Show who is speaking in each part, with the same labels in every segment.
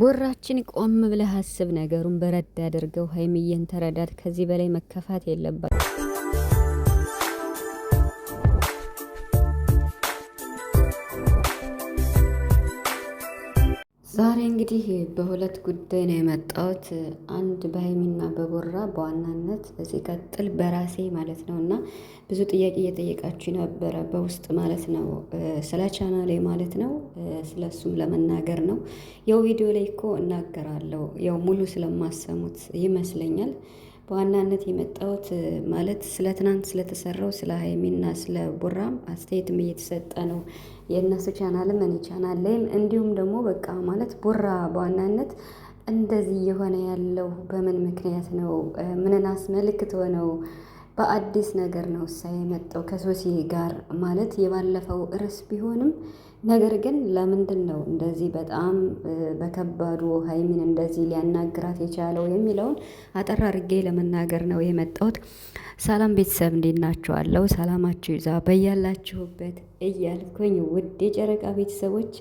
Speaker 1: ቦራችን ቆም ብለህ አስብ፣ ነገሩን በረድ አድርገው። ሀይሚዬን ተረዳት። ከዚህ በላይ መከፋት የለባት። እንግዲህ በሁለት ጉዳይ ነው የመጣሁት አንድ በሀይሚና በቦራ በዋናነት ሲቀጥል በራሴ ማለት ነው። እና ብዙ ጥያቄ እየጠየቃችሁ ነበረ በውስጥ ማለት ነው ስለ ቻናሌ ማለት ነው ስለ እሱም ለመናገር ነው። ያው ቪዲዮ ላይ እኮ እናገራለሁ ያው ሙሉ ስለማሰሙት ይመስለኛል። በዋናነት የመጣሁት ማለት ስለ ትናንት ስለተሰራው ስለ ሀይሚና ስለ ቡራም አስተያየትም እየተሰጠ ነው። የእነሱ ቻናልም እኔ ቻናል ላይም እንዲሁም ደግሞ በቃ ማለት ቡራ በዋናነት እንደዚህ እየሆነ ያለው በምን ምክንያት ነው? ምንን አስመልክቶ ነው? በአዲስ ነገር ነው እሳ የመጣው ከሶሲ ጋር ማለት የባለፈው ርስ ቢሆንም ነገር ግን ለምንድን ነው እንደዚህ በጣም በከባዱ ሀይሚን እንደዚህ ሊያናግራት የቻለው የሚለውን አጠር አድርጌ ለመናገር ነው የመጣሁት። ሰላም ቤተሰብ እንዴት ናችኋለሁ? ሰላማችሁ ይዛ በያላችሁበት እያልኩኝ ውድ የጨረቃ ቤተሰቦች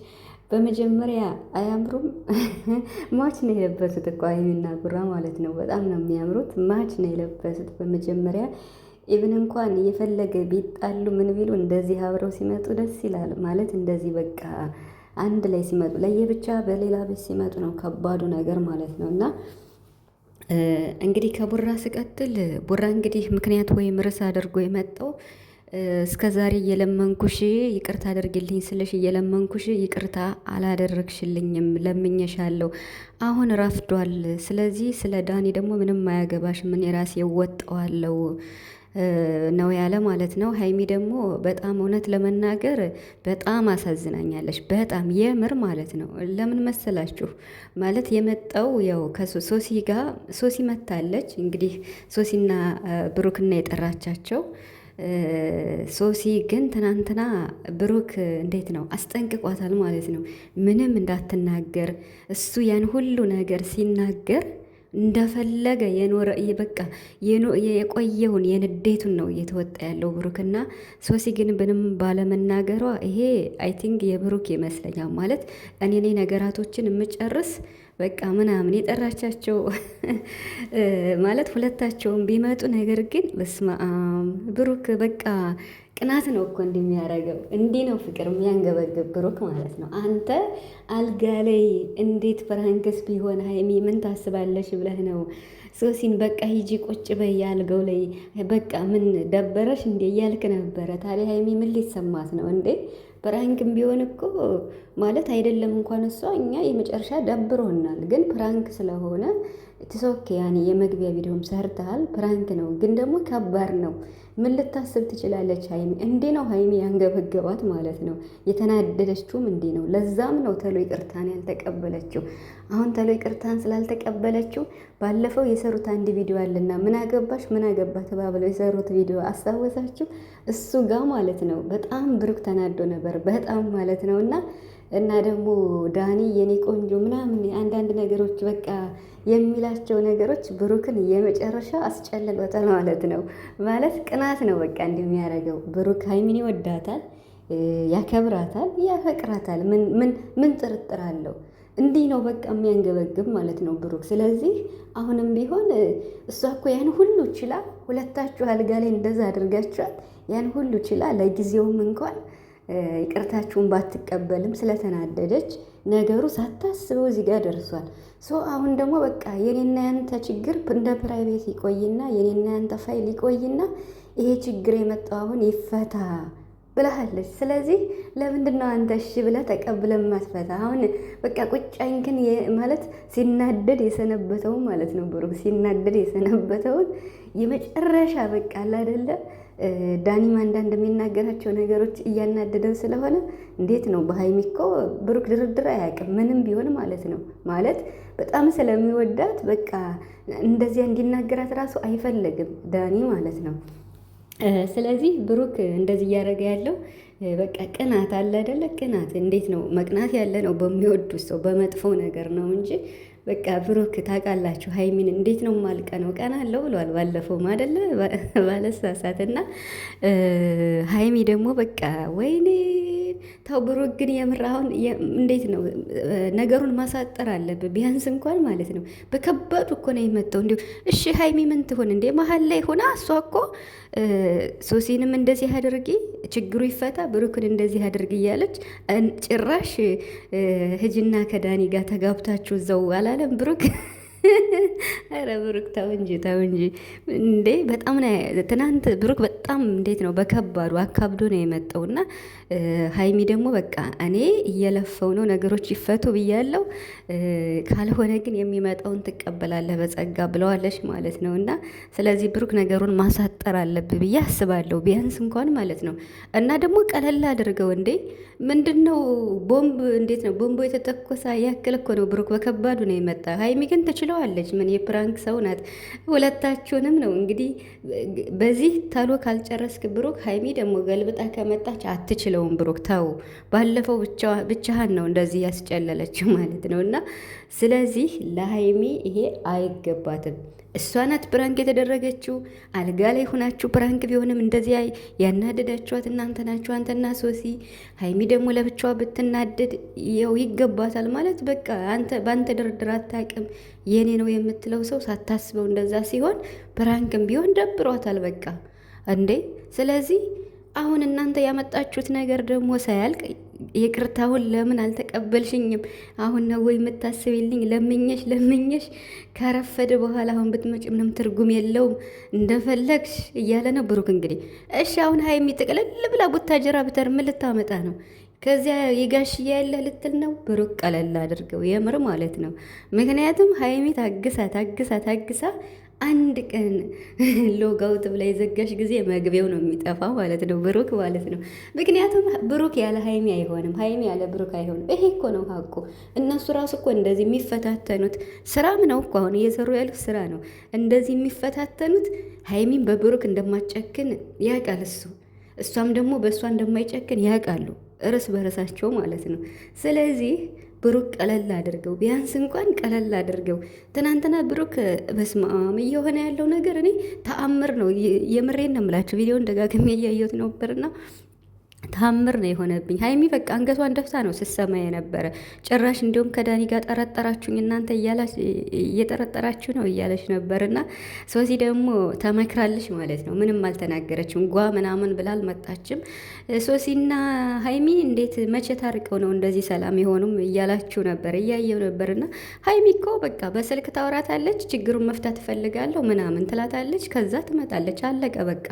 Speaker 1: በመጀመሪያ አያምሩም? ማች ነው የለበሱት እኮ ሀይሚና ጉራ ማለት ነው። በጣም ነው የሚያምሩት። ማች ነው የለበሱት በመጀመሪያ ኢቭን እንኳን የፈለገ ቢጣሉ ምን ቢሉ እንደዚህ አብረው ሲመጡ ደስ ይላል። ማለት እንደዚህ በቃ አንድ ላይ ሲመጡ ለየብቻ በሌላ ቤት ሲመጡ ነው ከባዱ ነገር ማለት ነው እና እንግዲህ ከቡራ ስቀጥል ቡራ እንግዲህ ምክንያት ወይም ርዕስ አድርጎ የመጣው እስከ ዛሬ እየለመንኩሽ ይቅርታ አድርግልኝ ስልሽ እየለመንኩሽ ይቅርታ አላደረግሽልኝም፣ ለምኘሻለሁ፣ አሁን ረፍዷል። ስለዚህ ስለ ዳኒ ደግሞ ምንም አያገባሽ፣ ምን የራሴ ወጠዋለው ነው ያለ ማለት ነው። ሀይሚ ደግሞ በጣም እውነት ለመናገር በጣም አሳዝናኛለች። በጣም የምር ማለት ነው። ለምን መሰላችሁ ማለት የመጣው ያው ከሶሲ ጋር ሶሲ መታለች እንግዲህ ሶሲና ብሩክና የጠራቻቸው ሶሲ ግን ትናንትና ብሩክ እንዴት ነው አስጠንቅቋታል ማለት ነው። ምንም እንዳትናገር እሱ ያን ሁሉ ነገር ሲናገር እንደፈለገ የኖረ በቃ የቆየውን የንዴቱን ነው እየተወጣ ያለው ብሩክና ሶሲ ግን ምንም ባለመናገሯ ይሄ አይ ቲንክ የብሩክ ይመስለኛል። ማለት እኔ እኔ ነገራቶችን የምጨርስ በቃ ምናምን የጠራቻቸው ማለት ሁለታቸውም ቢመጡ ነገር ግን በስመ አብ ብሩክ በቃ ቅናት ነው እኮ እንደሚያደርገው እንዲህ ነው ፍቅር የሚያንገበግብ ብሩክ ማለት ነው። አንተ አልጋ ላይ እንዴት ፕራንክስ ቢሆን ሀይሚ ምን ታስባለሽ ብለህ ነው ሶሲን በቃ ሂጂ ቁጭ በይ አልጋው ላይ በቃ ምን ደበረሽ እንዴ እያልክ ነበረ። ታዲያ ሀይሚ ምን ሊሰማት ነው እንዴ? ፕራንክም ቢሆን እኮ ማለት አይደለም እንኳን እሷ እኛ የመጨረሻ ደብሮናል፣ ግን ፕራንክ ስለሆነ ትሶኬ ያኔ የመግቢያ ቪዲዮም ሰርተሃል። ፕራንክ ነው ግን ደግሞ ከባድ ነው። ምን ልታስብ ትችላለች ሀይሚ? እንዴ ነው ሀይሚ ያንገበገባት ማለት ነው። የተናደደችውም እንዴ ነው። ለዛም ነው ተሎ ይቅርታን ያልተቀበለችው። አሁን ተሎ ይቅርታን ስላልተቀበለችው ባለፈው የሰሩት አንድ ቪዲዮ አለና ምን አገባሽ ምን አገባ ተባብለው የሰሩት ቪዲዮ አስታወሳችሁ? እሱ ጋር ማለት ነው በጣም ብሩክ ተናዶ ነበር በጣም ማለት ነው እና እና ደግሞ ዳኒ የኔ ቆንጆ ምናምን አንዳንድ ነገሮች በቃ የሚላቸው ነገሮች ብሩክን የመጨረሻ አስጨልሎታል ማለት ነው። ማለት ቅናት ነው በቃ እንደሚያደርገው። ብሩክ ሀይሚን ይወዳታል፣ ያከብራታል፣ ያፈቅራታል። ምን ምን ጥርጥር አለው? እንዲህ ነው በቃ የሚያንገበግብ ማለት ነው ብሩክ። ስለዚህ አሁንም ቢሆን እሷ እኮ ያን ሁሉ ችላ፣ ሁለታችሁ አልጋ ላይ እንደዛ አድርጋችኋል። ያን ሁሉ ችላ ለጊዜውም እንኳን ይቅርታችሁን ባትቀበልም ስለተናደደች ነገሩ ሳታስበው እዚህ ጋር ደርሷል። ሶ አሁን ደግሞ በቃ የኔና ያንተ ችግር እንደ ፕራይቬት ይቆይና የኔና ያንተ ፋይል ይቆይና ይሄ ችግር የመጣው አሁን ይፈታ ብለሃለች። ስለዚህ ለምንድን ነው አንተ እሺ ብለህ ተቀብለህ ማትፈታ? አሁን በቃ ቁጫኝ ግን ማለት ሲናደድ የሰነበተውን ማለት ነው ብሩ ሲናደድ የሰነበተውን የመጨረሻ በቃ አላደለ ዳኒም አንዳንድ የሚናገራቸው ነገሮች እያናደደው ስለሆነ እንዴት ነው በሀይሚ እኮ ብሩክ ድርድር አያውቅም፣ ምንም ቢሆን ማለት ነው። ማለት በጣም ስለሚወዳት በቃ እንደዚያ እንዲናገራት ራሱ አይፈለግም ዳኒ ማለት ነው። ስለዚህ ብሩክ እንደዚህ እያደረገ ያለው በቃ ቅናት አለ አይደለ? ቅናት እንዴት ነው መቅናት ያለ ነው በሚወዱት ሰው በመጥፎ ነገር ነው እንጂ በቃ ብሩክ ታውቃላችሁ ሀይሚን እንዴት ነው ማልቀ ነው ቀና አለው ብሏል። ባለፈውም አይደለ ባለሳሳት እና ሀይሚ ደግሞ በቃ ወይኔ ተው ብሩክ ግን የምር አሁን እንዴት ነው ነገሩን ማሳጠር አለብህ፣ ቢያንስ እንኳን ማለት ነው። በከባዱ እኮ ነው የመጣው። እንዲሁ እሺ ሀይሚ ምን ትሆን እንዴ? መሀል ላይ ሆና እሷ እኮ ሶሲንም እንደዚህ አድርጊ፣ ችግሩ ይፈታ፣ ብሩክን እንደዚህ አድርጊ እያለች ጭራሽ ህጅና ከዳኒ ጋር ተጋብታችሁ እዛው አላለም ብሩክ ኧረ ብሩክ ተው እንጂ ተው እንጂ እንዴ! በጣም ትናንት ብሩክ በጣም እንዴት ነው በከባዱ አካብዶ ነው የመጣው እና ሀይሚ ደግሞ በቃ እኔ እየለፈው ነው ነገሮች ይፈቱ ብያለው፣ ካልሆነ ግን የሚመጣውን ትቀበላለህ በጸጋ ብለዋለች ማለት ነው። እና ስለዚህ ብሩክ ነገሩን ማሳጠር አለብህ ብዬ አስባለሁ፣ ቢያንስ እንኳን ማለት ነው። እና ደግሞ ቀለል አድርገው እንዴ! ምንድን ነው ቦምብ እንዴት ነው ቦምቦ የተተኮሰ ያክል እኮ ነው ብሩክ በከባዱ ነው የመጣ ሀይሚ ግን ትችል ትለዋለች። ምን የፕራንክ ሰው ናት። ሁለታችሁንም ነው እንግዲህ በዚህ ተሎ ካልጨረስክ ብሩክ፣ ሀይሚ ደግሞ ገልብጣ ከመጣች አትችለውም። ብሩክ ተው፣ ባለፈው ብቻህን ነው እንደዚህ ያስጨለለችው ማለት ነው። እና ስለዚህ ለሀይሚ ይሄ አይገባትም። እሷ ናት ፕራንክ የተደረገችው። አልጋ ላይ ሆናችሁ ፕራንክ ቢሆንም እንደዚያ ያናደዳችኋት እናንተ ናችሁ፣ አንተና ሶሲ። ሀይሚ ደግሞ ለብቻዋ ብትናደድ ያው ይገባታል ማለት በቃ አንተ በአንተ ድርድር አታውቅም። የኔ ነው የምትለው ሰው ሳታስበው እንደዛ ሲሆን ፕራንክም ቢሆን ደብሯታል በቃ እንዴ። ስለዚህ አሁን እናንተ ያመጣችሁት ነገር ደግሞ ሳያልቅ ይቅርታውን ለምን አልተቀበልሽኝም? አሁን ነው ወይ የምታስብልኝ? ለምኘሽ ለምኘሽ ከረፈደ በኋላ አሁን ብትመጭ ምንም ትርጉም የለውም እንደፈለግሽ እያለ ነው ብሩክ። እንግዲህ እሺ አሁን ሀይሚ ጥቅልል ብላ ቡታጀራ ብተር ምን ልታመጣ ነው? ከዚያ የጋሽ ያለ ልትል ነው ብሩክ። ቀለል አድርገው የምር ማለት ነው። ምክንያቱም ሀይሚ ታግሳ ታግሳ ታግሳ አንድ ቀን ሎጋውት ብላ የዘጋሽ ጊዜ መግቢያው ነው የሚጠፋ ማለት ነው፣ ብሩክ ማለት ነው። ምክንያቱም ብሩክ ያለ ሀይሚ አይሆንም፣ ሀይሚ ያለ ብሩክ አይሆንም። ይሄ እኮ ነው ሀቁ። እነሱ ራሱ እኮ እንደዚህ የሚፈታተኑት ስራም ነው እኮ አሁን እየሰሩ ያሉት ስራ ነው። እንደዚህ የሚፈታተኑት ሀይሚን በብሩክ እንደማጨክን ያውቃል እሱ፣ እሷም ደግሞ በእሷ እንደማይጨክን ያውቃሉ፣ እርስ በርሳቸው ማለት ነው። ስለዚህ ብሩክ ቀለል አድርገው፣ ቢያንስ እንኳን ቀለል አድርገው። ትናንትና ብሩክ በስማም እየሆነ ያለው ነገር እኔ ተአምር ነው። የምሬን ነው የምላቸው። ቪዲዮን ደጋግሜ እያየሁት ነበርና ታምር ነው የሆነብኝ። ሀይሚ በቃ አንገቷን ደፍታ ነው ስሰማ የነበረ። ጭራሽ እንዲሁም ከዳኒ ጋር ጠረጠራችሁኝ እናንተ እየጠረጠራችሁ ነው እያለች ነበር። እና ሶሲ ደግሞ ተመክራለች ማለት ነው። ምንም አልተናገረችም። ጓ ምናምን ብላ አልመጣችም። ሶሲና ሀይሚ እንዴት መቼ ታርቀው ነው እንደዚህ ሰላም የሆኑም እያላችሁ ነበር፣ እያየው ነበር። እና ሀይሚ እኮ በቃ በስልክ ታወራታለች። ችግሩን መፍታት ትፈልጋለሁ ምናምን ትላታለች። ከዛ ትመጣለች። አለቀ በቃ።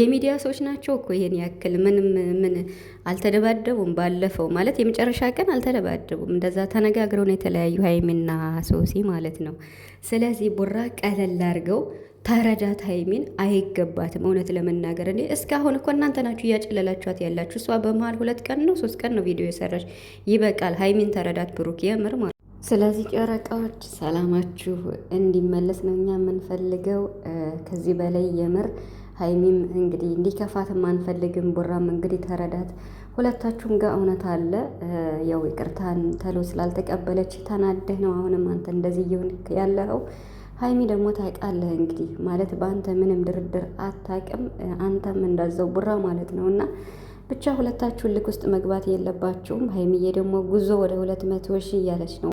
Speaker 1: የሚዲያ ሰዎች ናቸው እኮ ይሄን ያክል ምንም ምን አልተደባደቡም። ባለፈው ማለት የመጨረሻ ቀን አልተደባደቡም። እንደዛ ተነጋግረው ነው የተለያዩ ሀይሚና ሶሲ ማለት ነው። ስለዚህ ቡራ ቀለል አድርገው ተረዳት። ሀይሚን አይገባትም። እውነት ለመናገር እኔ እስካሁን እኮ እናንተ ናችሁ እያጨለላችኋት ያላችሁ። እሷ በመሀል ሁለት ቀን ነው ሶስት ቀን ነው ቪዲዮ የሰራች። ይበቃል። ሀይሚን ተረዳት ብሩክ፣ የምር ማለት ስለዚህ ጨረቃዎች ሰላማችሁ እንዲመለስ ነው እኛ የምንፈልገው። ከዚህ በላይ የምር ሀይሚም እንግዲህ እንዲከፋትም አንፈልግም። ቡራም እንግዲህ ተረዳት። ሁለታችሁም ጋር እውነት አለ። ያው ይቅርታን ተሎ ስላልተቀበለች ተናደህ ነው አሁንም አንተ እንደዚህ እየሆንክ ያለኸው። ሀይሚ ደግሞ ታውቃለህ እንግዲህ ማለት በአንተ ምንም ድርድር አታውቅም። አንተም እንዳዘው ቡራ ማለት ነው እና ብቻ ሁለታችሁን ልክ ውስጥ መግባት የለባችሁም። ሀይሚዬ ደግሞ ጉዞ ወደ ሁለት መቶ ሺህ እያለች ነው